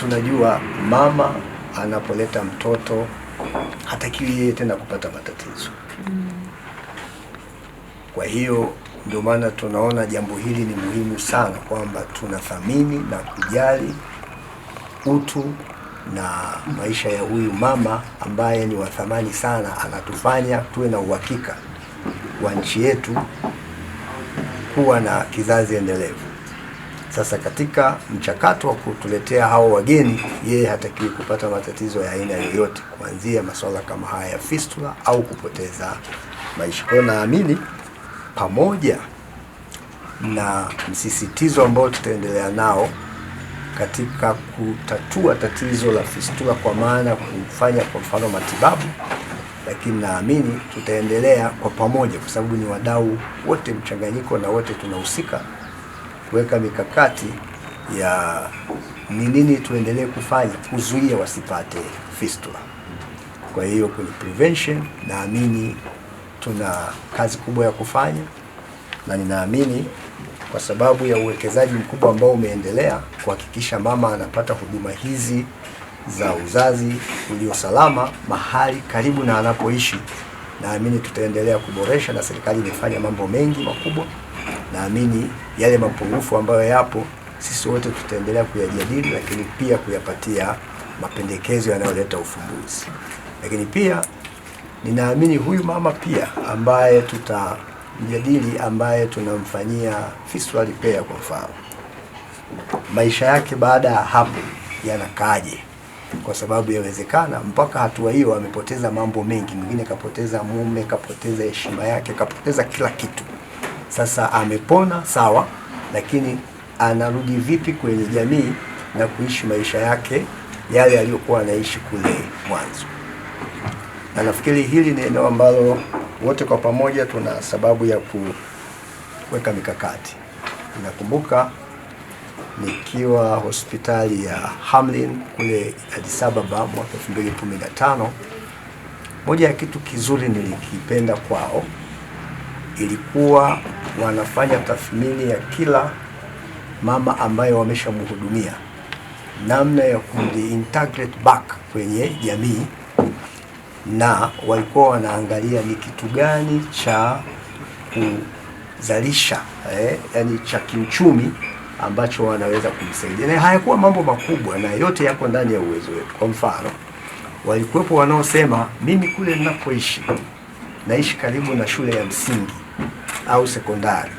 tunajua mama anapoleta mtoto hatakiwi yeye tena kupata matatizo. Kwa hiyo ndio maana tunaona jambo hili ni muhimu sana kwamba tunathamini na kujali utu na maisha ya huyu mama ambaye ni wa thamani sana, anatufanya tuwe na uhakika wa nchi yetu kuwa na kizazi endelevu. Sasa katika mchakato wa kutuletea hao wageni, yeye hatakiwi kupata matatizo ya aina yoyote, kuanzia masuala kama haya ya fistula au kupoteza maisha. Kwa naamini pamoja na msisitizo ambao tutaendelea nao katika kutatua tatizo la fistula, kwa maana kufanya kwa mfano matibabu, lakini naamini tutaendelea kwa pamoja, kwa sababu ni wadau wote mchanganyiko na wote tunahusika kuweka mikakati ya ni nini tuendelee kufanya kuzuia wasipate fistula. Kwa hiyo kwenye prevention, naamini tuna kazi kubwa ya kufanya, na ninaamini kwa sababu ya uwekezaji mkubwa ambao umeendelea kuhakikisha mama anapata huduma hizi za uzazi ulio salama mahali karibu na anapoishi, naamini tutaendelea kuboresha, na serikali imefanya mambo mengi makubwa naamini yale mapungufu ambayo yapo sisi wote tutaendelea kuyajadili, lakini pia kuyapatia mapendekezo yanayoleta ufumbuzi. Lakini pia ninaamini huyu mama pia ambaye tutamjadili, ambaye tunamfanyia fistula repair kwa mfano, maisha yake baada ya hapo yanakaaje? Kwa sababu yawezekana mpaka hatua hiyo amepoteza mambo mengi, mwingine kapoteza mume, kapoteza heshima yake, kapoteza kila kitu. Sasa amepona sawa, lakini anarudi vipi kwenye jamii na kuishi maisha yake yale aliyokuwa anaishi kule mwanzo? Na nafikiri hili ni eneo ambalo wote kwa pamoja tuna sababu ya kuweka mikakati. Nakumbuka nikiwa hospitali ya Hamlin kule Addis Ababa mwaka 2015, moja ya kitu kizuri nilikipenda kwao ilikuwa wanafanya tathmini ya kila mama ambaye wameshamhudumia, namna ya kuintegrate back kwenye jamii, na walikuwa wanaangalia ni kitu gani cha kuzalisha eh, yani cha kiuchumi ambacho wanaweza kumsaidia, na hayakuwa mambo makubwa na yote yako ndani ya uwezo wetu. Kwa mfano, walikuwepo wanaosema mimi kule ninapoishi naishi karibu na shule ya msingi au sekondari,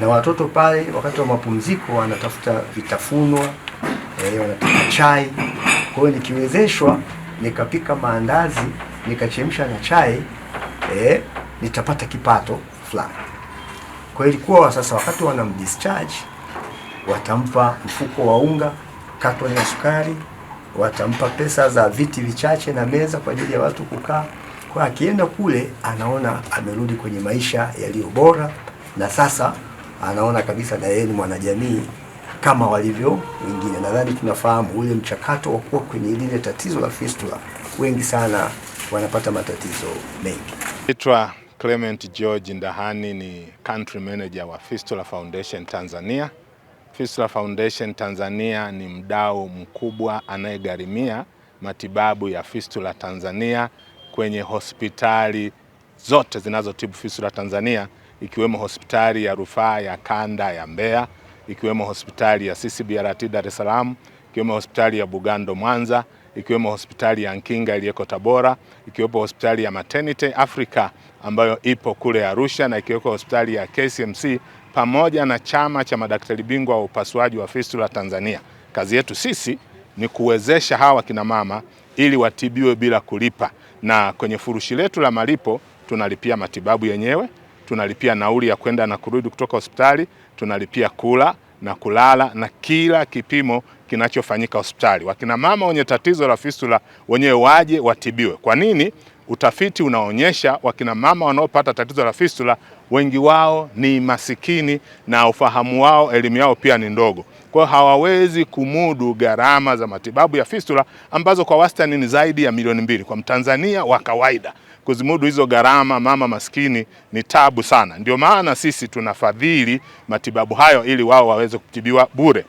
na watoto pale wakati wa mapumziko wanatafuta vitafunwa eh, wanatafuta chai. Kwa hiyo nikiwezeshwa nikapika maandazi nikachemsha na chai eh, nitapata kipato fulani. Kwa hiyo ilikuwa sasa, wakati discharge watampa mfuko wa unga, katoni ya sukari, watampa pesa za viti vichache na meza kwa ajili ya watu kukaa. Kwa akienda kule anaona amerudi kwenye maisha yaliyo bora, na sasa anaona kabisa na yeye ni mwanajamii kama walivyo wengine. Nadhani tunafahamu ule mchakato wa kuwa kwenye lile tatizo la fistula, wengi sana wanapata matatizo mengi. Naitwa Clement George Ndahani, ni country manager wa Fistula Foundation Tanzania. Fistula Foundation Tanzania ni mdau mkubwa anayegharimia matibabu ya fistula Tanzania kwenye hospitali zote zinazotibu fistula Tanzania, ikiwemo hospitali ya rufaa ya kanda ya Mbeya, ikiwemo hospitali ya CCBRT Dar es Salaam, ikiwemo hospitali ya Bugando Mwanza, ikiwemo hospitali ya Nkinga iliyoko Tabora, ikiwepo hospitali ya Maternity Africa ambayo ipo kule Arusha na ikiweko hospitali ya KCMC pamoja na chama cha madaktari bingwa wa upasuaji wa fistula Tanzania. Kazi yetu sisi ni kuwezesha hawa kina mama ili watibiwe bila kulipa na kwenye furushi letu la malipo tunalipia matibabu yenyewe, tunalipia nauli ya kwenda na kurudi kutoka hospitali, tunalipia kula na kulala na kila kipimo kinachofanyika hospitali. Wakina mama wenye tatizo la fistula wenyewe waje watibiwe. Kwa nini? Utafiti unaonyesha wakina mama wanaopata tatizo la fistula wengi wao ni masikini na ufahamu wao, elimu yao pia ni ndogo, kwa hiyo hawawezi kumudu gharama za matibabu ya fistula ambazo kwa wastani ni zaidi ya milioni mbili kwa Mtanzania wa kawaida. Kuzimudu hizo gharama mama maskini ni tabu sana, ndio maana sisi tunafadhili matibabu hayo ili wao waweze kutibiwa bure.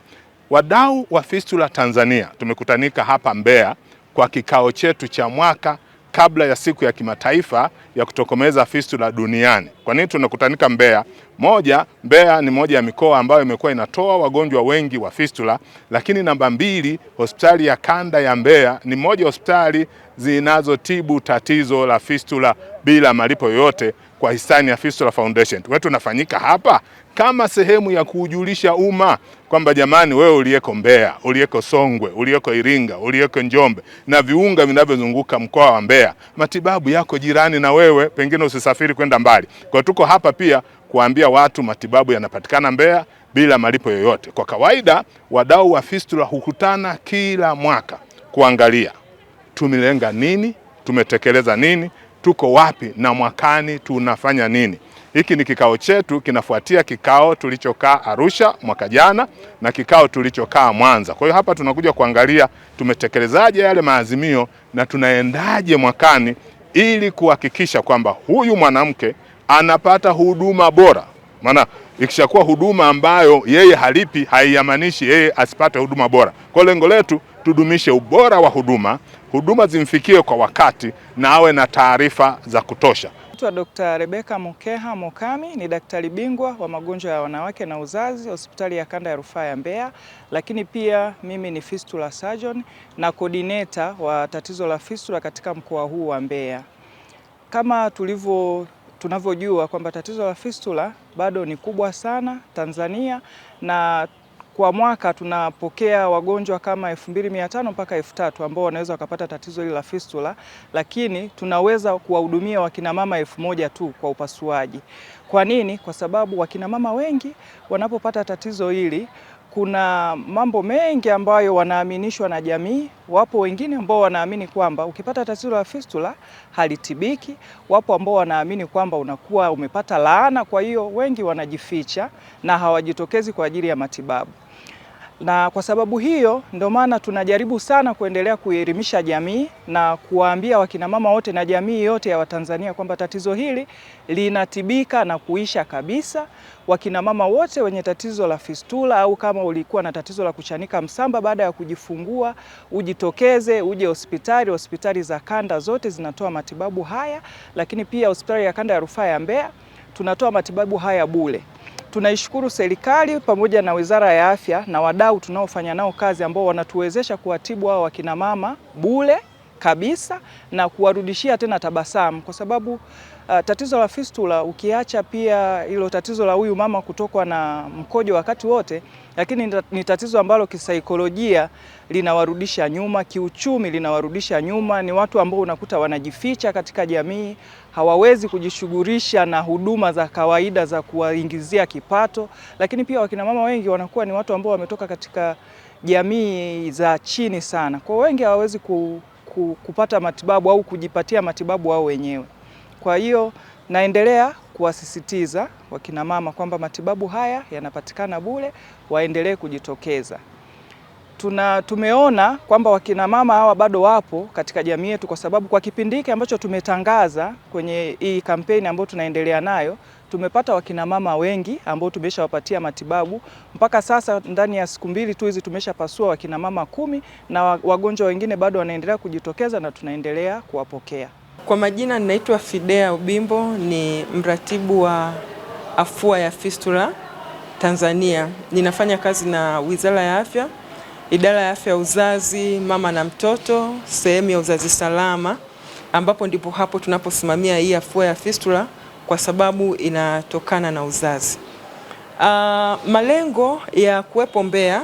Wadau wa fistula Tanzania tumekutanika hapa Mbeya kwa kikao chetu cha mwaka kabla ya siku ya kimataifa ya kutokomeza fistula duniani. Kwa nini tunakutanika Mbeya? Moja, Mbeya ni moja ya mikoa ambayo imekuwa inatoa wagonjwa wengi wa fistula, lakini namba mbili, hospitali ya kanda ya Mbeya ni moja hospitali zinazotibu tatizo la fistula bila malipo yoyote kwa hisani ya Fistula Foundation. Wetu tunafanyika hapa kama sehemu ya kuujulisha umma kwamba jamani, wewe uliyeko Mbeya, uliyeko Songwe, uliyeko Iringa, uliyeko Njombe na viunga vinavyozunguka mkoa wa Mbeya, matibabu yako jirani na wewe, pengine usisafiri kwenda mbali. Kwa tuko hapa pia kuambia watu matibabu yanapatikana Mbeya bila malipo yoyote. Kwa kawaida wadau wa fistula hukutana kila mwaka kuangalia tumelenga nini, tumetekeleza nini, tuko wapi na mwakani tunafanya nini. Hiki ni kikao chetu kinafuatia kikao tulichokaa Arusha mwaka jana na kikao tulichokaa Mwanza. Kwa hiyo hapa tunakuja kuangalia tumetekelezaje yale maazimio na tunaendaje mwakani ili kuhakikisha kwamba huyu mwanamke anapata huduma bora. Maana ikishakuwa huduma ambayo yeye halipi haiamaanishi yeye asipate huduma bora. Kwa lengo letu tudumishe ubora wa huduma, huduma zimfikie kwa wakati na awe na taarifa za kutosha. Naitwa Dr. Rebecca Mokeha Mokami, ni daktari bingwa wa magonjwa ya wanawake na uzazi hospitali ya kanda ya rufaa ya Mbeya, lakini pia mimi ni fistula surgeon na coordinator wa tatizo la fistula katika mkoa huu wa Mbeya. Kama tulivyo tunavyojua kwamba tatizo la fistula bado ni kubwa sana Tanzania na kwa mwaka tunapokea wagonjwa kama 2500 mpaka 3000 ambao wanaweza wakapata tatizo hili la fistula, lakini tunaweza kuwahudumia wakinamama elfu moja tu kwa upasuaji. Kwa nini? Kwa sababu wakinamama wengi wanapopata tatizo hili kuna mambo mengi ambayo wanaaminishwa na jamii. Wapo wengine ambao wanaamini kwamba ukipata tatizo la fistula halitibiki, wapo ambao wanaamini kwamba unakuwa umepata laana, kwa hiyo wengi wanajificha na hawajitokezi kwa ajili ya matibabu na kwa sababu hiyo ndio maana tunajaribu sana kuendelea kuelimisha jamii na kuwaambia wakinamama wote na jamii yote ya Watanzania kwamba tatizo hili linatibika na kuisha kabisa. Wakinamama wote wenye tatizo la fistula au kama ulikuwa na tatizo la kuchanika msamba baada ya kujifungua, ujitokeze uje hospitali. Hospitali za kanda zote zinatoa matibabu haya, lakini pia hospitali ya kanda ya rufaa ya Mbeya tunatoa matibabu haya bure. Tunaishukuru serikali pamoja na Wizara ya Afya na wadau tunaofanya nao kazi ambao wanatuwezesha kuwatibu hao wakina mama bure kabisa na kuwarudishia tena tabasamu, kwa sababu uh, tatizo la fistula ukiacha pia hilo tatizo la huyu mama kutokwa na mkojo wakati wote, lakini ni tatizo ambalo kisaikolojia linawarudisha nyuma, kiuchumi linawarudisha nyuma. Ni watu ambao unakuta wanajificha katika jamii, hawawezi kujishughulisha na huduma za kawaida za kuwaingizia kipato, lakini pia wakinamama wengi wanakuwa ni watu ambao wametoka katika jamii za chini sana, kwa wengi hawawezi ku kupata matibabu au kujipatia matibabu wao wenyewe. Kwa hiyo naendelea kuwasisitiza wakinamama kwamba matibabu haya yanapatikana bure, waendelee kujitokeza. Tuna, tumeona kwamba wakinamama hawa bado wapo katika jamii yetu, kwa sababu kwa kipindi hiki ambacho tumetangaza kwenye hii kampeni ambayo tunaendelea nayo tumepata wakinamama wengi ambao tumeshawapatia matibabu mpaka sasa. Ndani ya siku mbili tu hizi tumeshapasua wakinamama kumi na wagonjwa wengine bado wanaendelea kujitokeza na tunaendelea kuwapokea. Kwa majina ninaitwa Fidea Ubimbo, ni mratibu wa afua ya fistula Tanzania. Ninafanya kazi na Wizara ya Afya, idara ya afya ya uzazi, mama na mtoto, sehemu ya uzazi salama, ambapo ndipo hapo tunaposimamia hii afua ya fistula kwa sababu inatokana na uzazi. Uh, malengo ya kuwepo Mbeya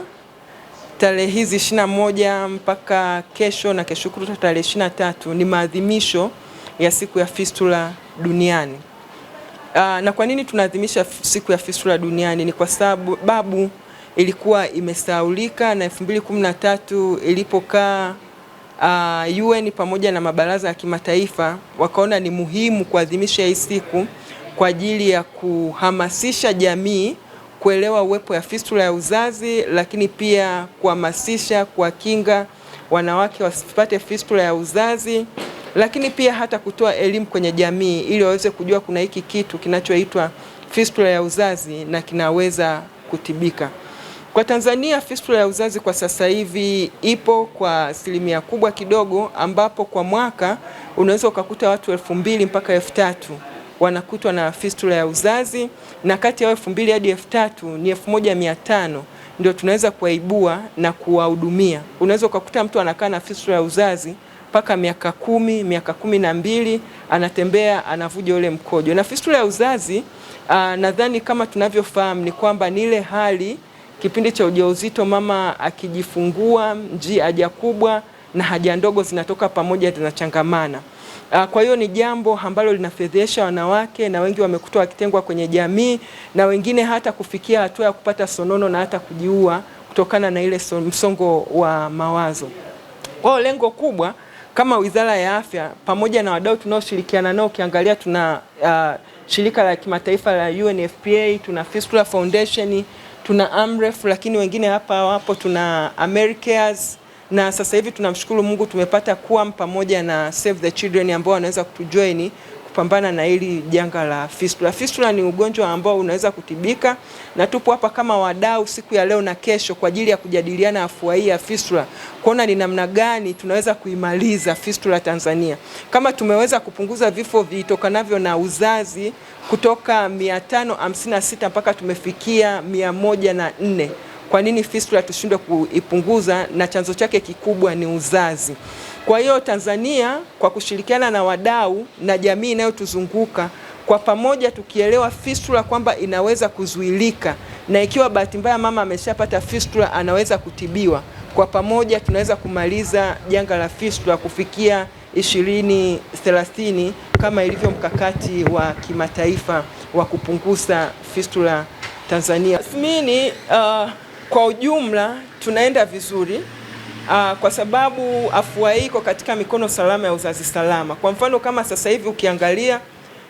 tarehe hizi moja mpaka kesho na kesho kutwa tarehe tatu ni maadhimisho ya siku ya fistula duniani. Uh, na kwa nini tunaadhimisha siku ya fistula duniani? Ni kwa sababu babu ilikuwa imesaulika na 2013 ilipokaa uh, UN pamoja na mabaraza ya kimataifa wakaona ni muhimu kuadhimisha hii siku kwa ajili ya kuhamasisha jamii kuelewa uwepo ya fistula ya uzazi, lakini pia kuhamasisha kuwakinga wanawake wasipate fistula ya uzazi, lakini pia hata kutoa elimu kwenye jamii ili waweze kujua kuna hiki kitu kinachoitwa fistula ya uzazi na kinaweza kutibika. Kwa Tanzania fistula ya uzazi kwa sasa hivi ipo kwa asilimia kubwa kidogo, ambapo kwa mwaka unaweza ukakuta watu elfu mbili mpaka elfu tatu wanakutwa na fistula ya uzazi, na kati ya elfu mbili hadi elfu tatu ni elfu moja mia tano ndio tunaweza kuwaibua na kuwahudumia. Unaweza ukakuta mtu anakaa na fistula ya uzazi mpaka miaka kumi, miaka kumi na mbili, anatembea anavuja ule mkojo. Na fistula ya uzazi ah, nadhani kama tunavyofahamu ni kwamba ni ile hali Kipindi cha ujauzito mama akijifungua, njia haja kubwa na haja ndogo zinatoka pamoja, zinachangamana. Ah, kwa hiyo ni jambo ambalo linafedhesha wanawake na wengi wamekutwa wakitengwa kwenye jamii na wengine hata kufikia hatua ya kupata sonono na hata kujiua kutokana na ile msongo wa mawazo. Kwa hiyo lengo kubwa kama Wizara ya Afya pamoja na wadau tunaoshirikiana nao, ukiangalia tuna uh, shirika la kimataifa la UNFPA, tuna Fistula Foundation tuna Amref, lakini wengine hapa wapo, tuna Americares na sasa hivi tunamshukuru Mungu tumepata kuwa pamoja na Save the Children ambao wanaweza kutujoin kupambana na hili janga la fistula. Fistula ni ugonjwa ambao unaweza kutibika na tupo hapa kama wadau siku ya leo na kesho kwa ajili ya kujadiliana afua hii ya fistula, kuona ni namna gani tunaweza kuimaliza fistula Tanzania. Kama tumeweza kupunguza vifo vitokanavyo na uzazi kutoka 556 mpaka tumefikia 104. Kwa nini fistula tushindwe kuipunguza? Na chanzo chake kikubwa ni uzazi. Kwa hiyo Tanzania kwa kushirikiana na wadau na jamii inayotuzunguka kwa pamoja, tukielewa fistula kwamba inaweza kuzuilika, na ikiwa bahati mbaya mama ameshapata fistula anaweza kutibiwa, kwa pamoja tunaweza kumaliza janga la fistula kufikia 2030 kama ilivyo mkakati wa kimataifa wa kupunguza fistula Tanzania. Tathmini uh, kwa ujumla tunaenda vizuri aa, ah, kwa sababu afua hii iko katika mikono salama ya uzazi salama. Kwa mfano kama sasa hivi ukiangalia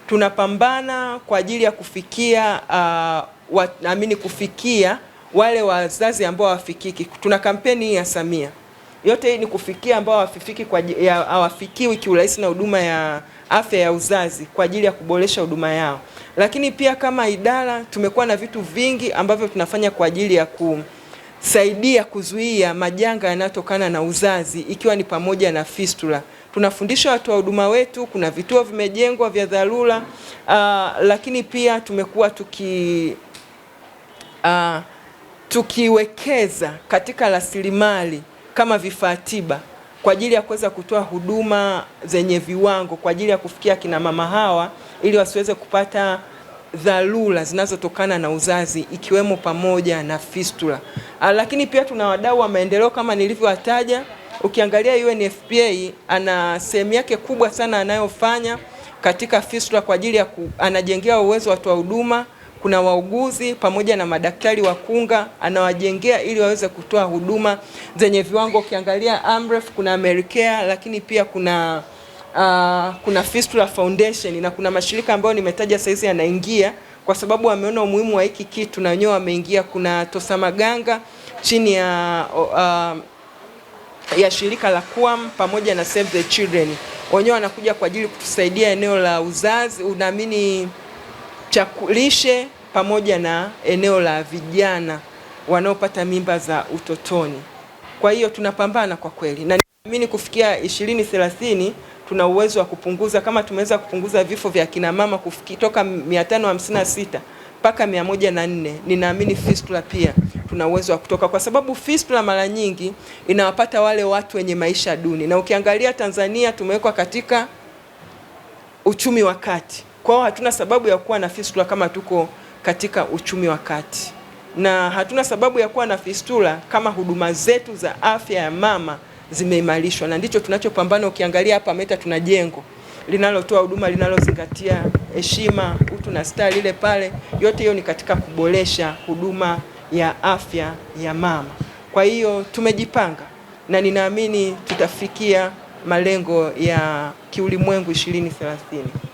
tunapambana kwa ajili ya kufikia ah, wa, naamini kufikia wale wazazi ambao hawafikiki. Tuna kampeni hii ya Samia, yote hii ni kufikia ambao hawafikiki kwa hawafikiwi kiurahisi na huduma ya afya ya uzazi kwa ajili ya kuboresha huduma yao. Lakini pia kama idara tumekuwa na vitu vingi ambavyo tunafanya kwa ajili ya ku saidia kuzuia majanga yanayotokana na uzazi ikiwa ni pamoja na fistula. Tunafundisha watu wa huduma wetu, kuna vituo vimejengwa vya dharura uh, lakini pia tumekuwa tuki uh, tukiwekeza katika rasilimali kama vifaa tiba kwa ajili ya kuweza kutoa huduma zenye viwango kwa ajili ya kufikia kina mama hawa ili wasiweze kupata dharura zinazotokana na uzazi ikiwemo pamoja na fistula. Ah, lakini pia tuna wadau wa maendeleo kama nilivyowataja. Ukiangalia UNFPA ana sehemu yake kubwa sana anayofanya katika fistula kwa ajili ya ku, anajengea uwezo watu wa huduma. Kuna wauguzi pamoja na madaktari wa kunga anawajengea ili waweze kutoa huduma zenye viwango. Ukiangalia Amref kuna Americare, lakini pia kuna uh, kuna Fistula Foundation na kuna mashirika ambayo nimetaja saizi yanaingia kwa sababu wameona umuhimu wa hiki kitu na wenyewe wameingia. Kuna Tosamaganga chini ya uh, ya shirika la Kuam pamoja na Save the Children. Wenyewe wanakuja kwa ajili kutusaidia eneo la uzazi, unaamini chakulishe pamoja na eneo la vijana wanaopata mimba za utotoni. Kwa hiyo tunapambana kwa kweli, na naamini kufikia ishirini thelathini tuna uwezo wa kupunguza kama tumeweza kupunguza vifo vya kina mama kufikia toka 556 mpaka 104. Ninaamini fistula pia tuna uwezo wa kutoka, kwa sababu fistula mara nyingi inawapata wale watu wenye maisha duni, na ukiangalia Tanzania tumewekwa katika uchumi wa kati, kwao hatuna sababu ya kuwa na fistula kama tuko katika uchumi wa kati, na hatuna sababu ya kuwa na fistula kama huduma zetu za afya ya mama zimeimarishwa, na ndicho tunachopambana. Ukiangalia hapa Meta tuna jengo linalotoa huduma linalozingatia heshima, utu na stari ile pale. Yote hiyo ni katika kuboresha huduma ya afya ya mama. Kwa hiyo tumejipanga na ninaamini tutafikia malengo ya kiulimwengu 2030.